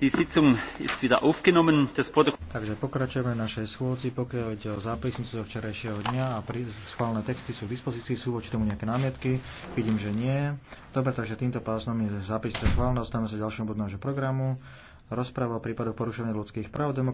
Takže pokračujeme našej schôdzi, pokiaľ ide o zápisnicu zo včerajšieho dňa a pri, schválne texty sú v dispozícii, sú voči tomu nejaké námietky, vidím, že nie. Dobre, takže týmto pásnom je zápisnica schválená, dostaneme sa ďalším bodu nášho programu. Rozpráva o prípadoch porušenia ľudských práv,